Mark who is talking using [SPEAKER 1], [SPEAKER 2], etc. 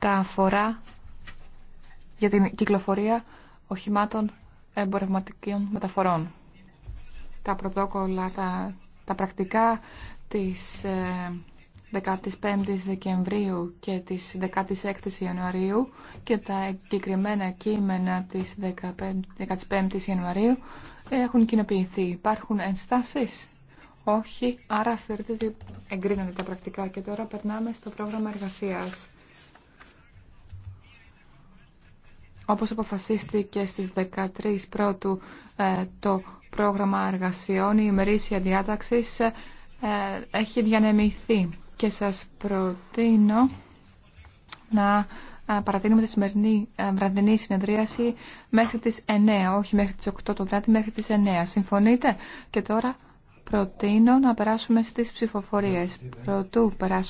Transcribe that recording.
[SPEAKER 1] Τα αφορά για την κυκλοφορία οχημάτων εμπορευματικών μεταφορών. Τα πρωτόκολλα, τα, τα πρακτικά της 15ης ε, Δεκεμβρίου και της 16ης Ιανουαρίου και τα εγκεκριμένα κείμενα της 15ης Ιανουαρίου έχουν κοινοποιηθεί. Υπάρχουν ενστάσεις? Όχι, άρα θεωρείται ότι εγκρίνονται τα πρακτικά και τώρα περνάμε στο πρόγραμμα εργασίας. Όπως αποφασίστηκε στις 13 πρώτου ε, το πρόγραμμα εργασιών, η ημερήσια διάταξη ε, έχει διανεμηθεί και σας προτείνω να ε, παρατείνουμε τη σημερινή βραδινή συνεδρίαση μέχρι τις 9, όχι μέχρι τις 8 το βράδυ, μέχρι τις 9. Συμφωνείτε? Και τώρα προτείνω να περάσουμε
[SPEAKER 2] στις ψηφοφορίες. Προτού περάσουμε.